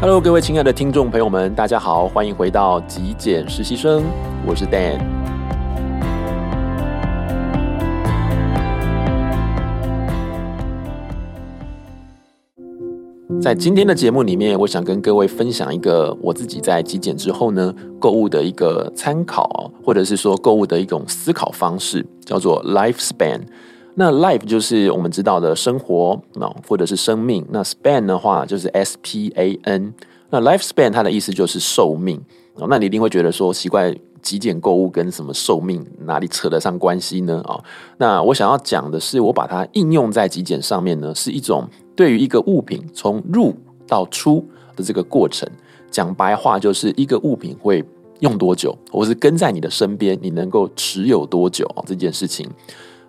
Hello，各位親愛的聽眾朋友們，大家好，歡迎回到極簡實習生，我是 Dan。在今天的節目裡面，我想跟各位分享一個我自己在極簡之後呢，購物的一個參考，或者是說購物的一種思考方式，叫做 Lifespan。那 life 就是我們知道的生活啊，或者是生命。那 span 的話就是 S P A N。那 lifespan 它的意思就是壽命。那你一定會覺得說奇怪，極簡購物跟什麼壽命哪裡扯得上關係呢？啊，那我想要講的是，我把它應用在極簡上面呢，是一種對於一個物品從入到出的這個過程。講白話就是一個物品會用多久，或是跟在你的身邊，你能夠持有多久啊這件事情。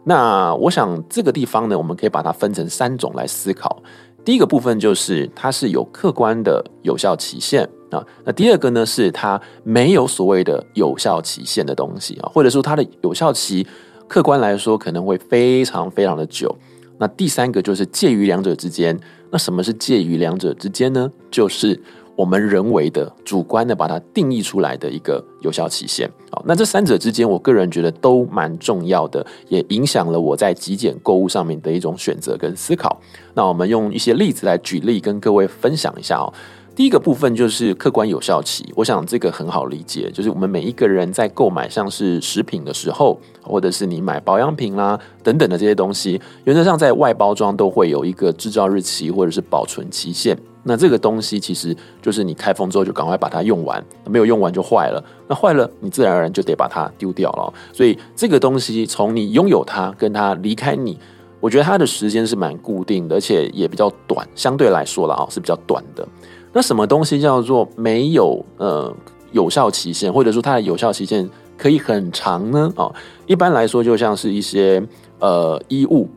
那我想這個地方呢，我們可以把它分成三種來思考。第一個部分就是它是有客觀的有效期限啊。那第二個呢，是它沒有所謂的有效期限的東西啊，或者說它的有效期客觀來說可能會非常非常的久。那第三個就是介於兩者之間。那什麼是介於兩者之間呢？就是。我們人為的主觀的把它定義出來的一個有效期限。好，那這三者之間，我個人覺得都蠻重要的，也影響了我在極簡購物上面的一種選擇跟思考。那我們用一些例子來舉例跟各位分享一下哦。第一個部分就是客觀有效期，我想這個很好理解，就是我們每一個人在購買像是食品的時候，或者是你買保養品啦、啊，等等的這些東西，原則上在外包裝都會有一個制造日期或者是保存期限。那這個東西其實就是你開封之後，就趕快把它用完，沒有用完就壞了。那壞了，你自然而然就得把它丟掉了。所以這個東西從你擁有它，跟它離開你，我覺得它的時間是蠻固定的，而且也比較短，相對來說了啊，是比較短的。那什麼東西叫做沒有呃有效期限，或者說它的有效期限可以很長呢？啊、哦，一般來說就像是一些呃衣物。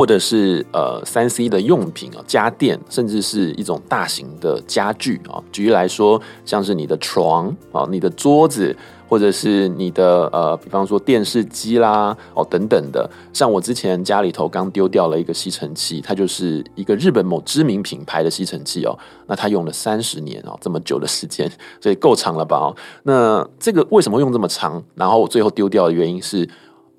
或者是呃三 C 的用品啊，家電，甚至是一種大型的家具啊。舉例來說，像是你的床啊，你的桌子，或者是你的呃，比方說電視機啦，哦等等的。像我之前家裡頭剛丟掉了一個吸塵器，它就是一個日本某知名品牌的吸塵器哦。那它用了三十年哦，這麼久的時間，所以夠長了吧？那這個為什麼用這麼長？然後我最後丟掉的原因是。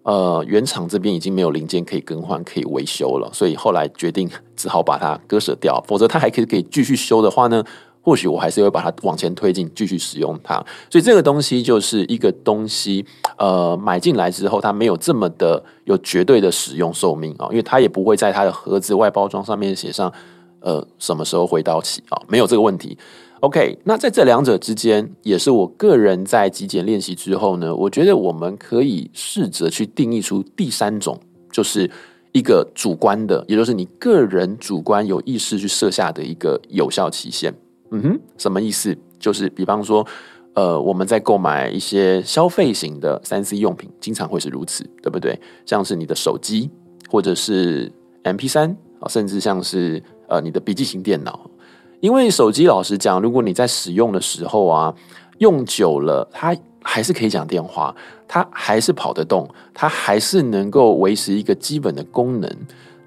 呃，原廠這邊已經沒有零件可以更換、可以維修了，所以後來決定只好把它割捨掉。否則它還可以可以繼續修的話呢，或許我還是會把它往前推進，繼續使用它。所以這個東西就是一個東西，呃，買進來之後它沒有這麼的有絕對的使用壽命啊、哦，因為它也不會在它的盒子外包裝上面寫上呃什麼時候會到期啊、哦，沒有這個問題。OK，那在這兩者之間，也是我個人在極簡練習之後呢，我覺得我們可以試着去定義出第三種，就是一個主觀的，也就是你個人主觀有意識去設下的一個有效期限。嗯哼，什麼意思？就是比方說，呃，我們在購買一些消費型的 3C 用品，經常會是如此，對不對？像是你的手機，或者是 MP3 啊，甚至像是呃你的筆記型電腦。因為手機老實講，如果你在使用的時候啊，用久了，它還是可以講電話，它還是跑得動，它還是能夠維持一個基本的功能。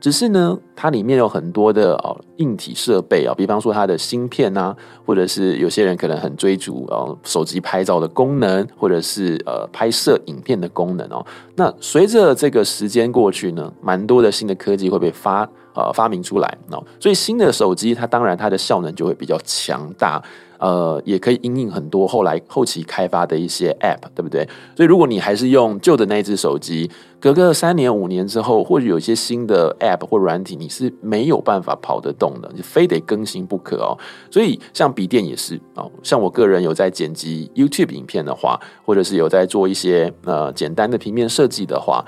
只是呢，它裡面有很多的哦、呃、硬體設備啊，比方說它的芯片啊，或者是有些人可能很追逐哦、呃、手機拍照的功能，或者是呃拍攝影片的功能哦。那隨着這個時間過去呢，蠻多的新的科技會被發。呃，發明出來，哦，所以新的手機，它當然它的效能就會比較強大，呃，也可以應用很多後來後期開發的一些 App，對不對？所以如果你還是用舊的那一隻手機，隔個三年五年之後，或許有一些新的 App 或軟體，你是沒有辦法跑得動的，你非得更新不可哦。所以像筆電也是哦，像我個人有在剪輯 YouTube 影片的話，或者是有在做一些呃簡單的平面設計的話。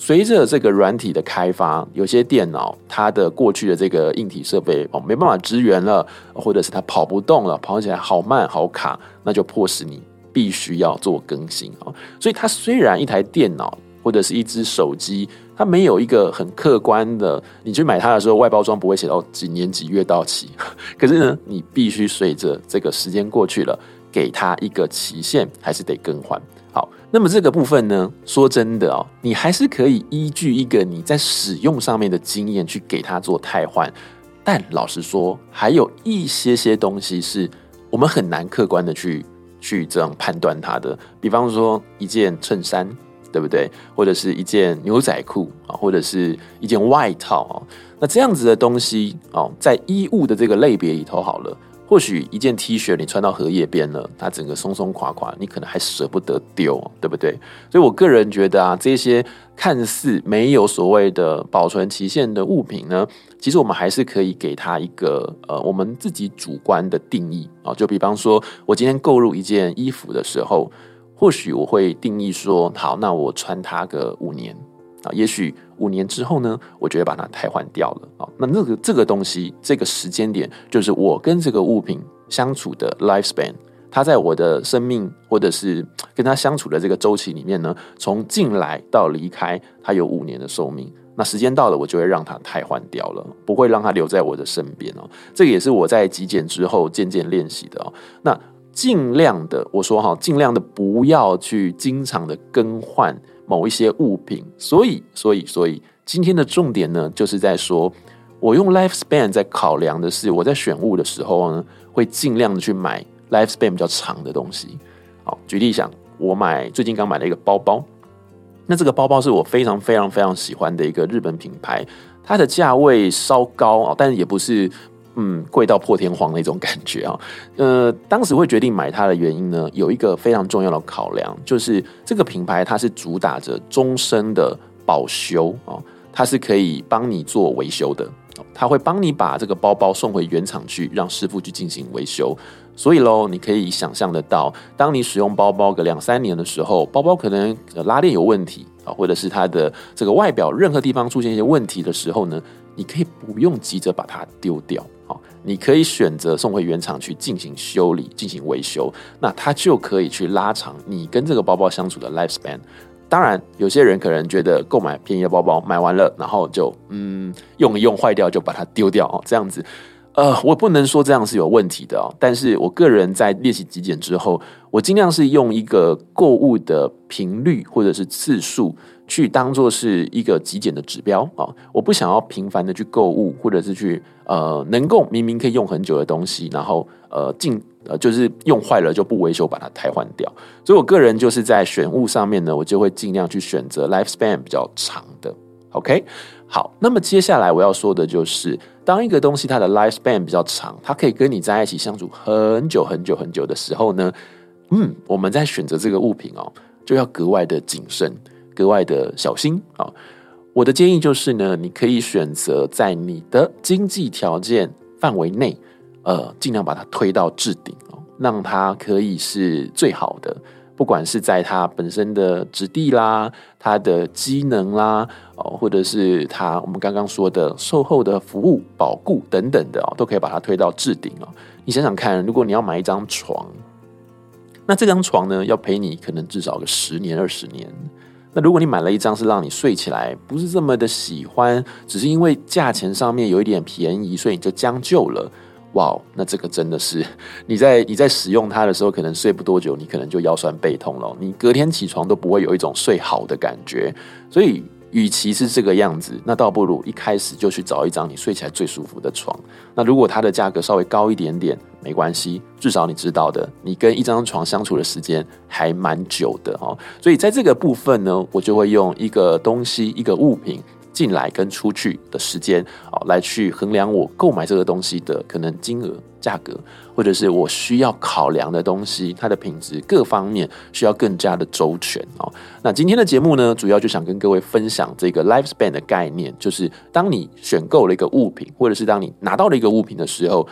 隨着這個軟體的開發，有些電腦它的過去的這個硬體設備哦，沒辦法支援了，或者是它跑不動了，跑起來好慢好卡，那就迫使你必須要做更新哦。所以它雖然一台電腦或者是一只手機，它沒有一個很客觀的，你去買它的時候外包裝不會寫到幾年幾月到期，可是呢，你必須隨着這個時間過去了，給它一個期限，還是得更換。好，那麼這個部分呢，說真的哦，你還是可以依據一個你在使用上面的經驗去給它做替換。但老實說，還有一些些東西是我們很難客觀的去去這樣判斷它的。比方說一件襯衫，對不對？或者是一件牛仔褲啊，或者是一件外套啊，哦。那這樣子的東西哦，在衣物的這個類別裡頭，好了。或許一件 T 恤你穿到荷葉邊了，它整個鬆鬆垮垮，你可能還捨不得丟，對不對？所以我個人覺得啊，這些看似沒有所謂的保存期限的物品呢，其實我們還是可以給它一個呃，我們自己主觀的定義啊。就比方說，我今天購入一件衣服的時候，或許我會定義說，好，那我穿它個五年。啊，也許五年之後呢，我就會把它替換掉了啊。那那、這個這個東西，這個時間點就是我跟這個物品相處的 lifespan，它在我的生命或者是跟它相處的這個週期裡面呢，從進來到離開，它有五年的壽命。那時間到了，我就會讓它替換掉了，不會讓它留在我的身邊哦。這個也是我在極簡之後漸漸練習的哦。那盡量的，我說哈，盡量的不要去經常的更換某一些物品，所以，所以，所以，今天的重點呢，就是在說，我用 lifespan 在考量的是我在選物的時候呢，會盡量的去買 lifespan 比較長的東西。好，舉例想，我買最近剛買了一個包包，那這個包包是我非常非常非常喜歡的一個日本品牌，它的價位稍高啊，但也不是。嗯，貴到破天荒那種感覺啊。呃，當時會決定買它的原因呢，有一個非常重要的考量，就是這個品牌它是主打着終身的保修啊，哦，它是可以幫你做維修的，它會幫你把這個包包送回原廠去，讓師傅去進行維修。所以咯，你可以想象得到，當你使用包包個兩三年的時候，包包可能拉鏈有問題啊，或者是它的這個外表任何地方出現一些問題的時候呢，你可以不用急着把它丟掉。你可以選擇送回原廠去進行修理，進行維修，那它就可以去拉長你跟這個包包相處的 lifespan。當然，有些人可能覺得購買便宜的包包買完了，然後就，嗯，用一用壞掉，就把它丟掉哦，這樣子。呃，我不能說這樣是有問題的哦。但是我個人在練習極簡之後，我盡量是用一個購物的頻率或者是次數去當做是一個極簡的指標啊，呃。我不想要頻繁的去購物，或者是去呃能夠明明可以用很久的東西，然後呃進呃就是用壞了就不維修把它汰換掉。所以我個人就是在選物上面呢，我就會盡量去選擇 Life Span 比較長。OK，好，那麼接下來我要說的就是，當一個東西它的 lifespan 比較長，它可以跟你在一起相處很久很久很久的時候呢，嗯，我們在選擇這個物品哦，就要格外的謹慎，格外的小心哦。我的建議就是呢，你可以選擇在你的經濟條件範圍內，呃，盡量把它推到置頂哦，讓它可以是最好的。不管是在它本身的質地啦、它的機能啦，哦，或者是它我們剛剛說的售後的服務、保固等等的哦，都可以把它推到置頂哦。你想想看，如果你要買一張床，那這張床呢要陪你可能至少個十年、二十年。那如果你買了一張是讓你睡起來不是這麼的喜歡，只是因為價錢上面有一點便宜，所以你就將就了。哇，那這個真的是你在你在使用它的時候，可能睡不多久，你可能就腰痠背痛了。你隔天起床都不會有一種睡好的感覺，所以與其是這個樣子，那倒不如一開始就去找一張你睡起來最舒服的床。那如果它的價格稍微高一點點，沒關係，至少你知道的，你跟一張床相處的時間還蠻久的哦。所以在這個部分呢，我就會用一個東西，一個物品。進來跟出去的時間哦，來去衡量我購買這個東西的可能金額、價格，或者是我需要考量的東西，它的品質各方面需要更加的周全哦。那今天的節目呢，主要就想跟各位分享這個 Life Span 的概念，就是當你選購了一個物品，或者是當你拿到了一個物品的時候。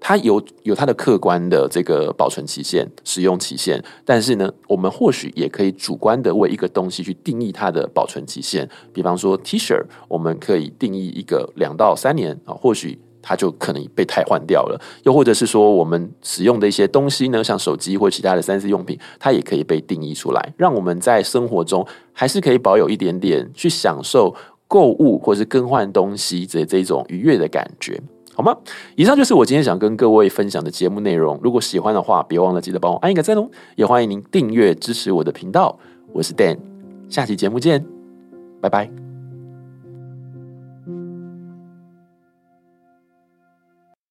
它有有它的客觀的這個保存期限、使用期限，但是呢，我們或許也可以主觀的為一個東西去定義它的保存期限。比方說 T-shirt，我們可以定義一個兩到三年啊，或許它就可能被汰換掉了。又或者是說，我們使用的一些東西呢，像手機或其他的 3C 用品，它也可以被定義出來，讓我們在生活中還是可以保有一點點去享受購物或是更換東西這這種愉悅的感覺。好嗎？以上就是我今天想跟各位分享的節目內容。如果喜歡的話，別忘了記得幫我按一個讚哦，也歡迎您訂閱支持我的頻道。我是 Dan，下期節目見，拜拜。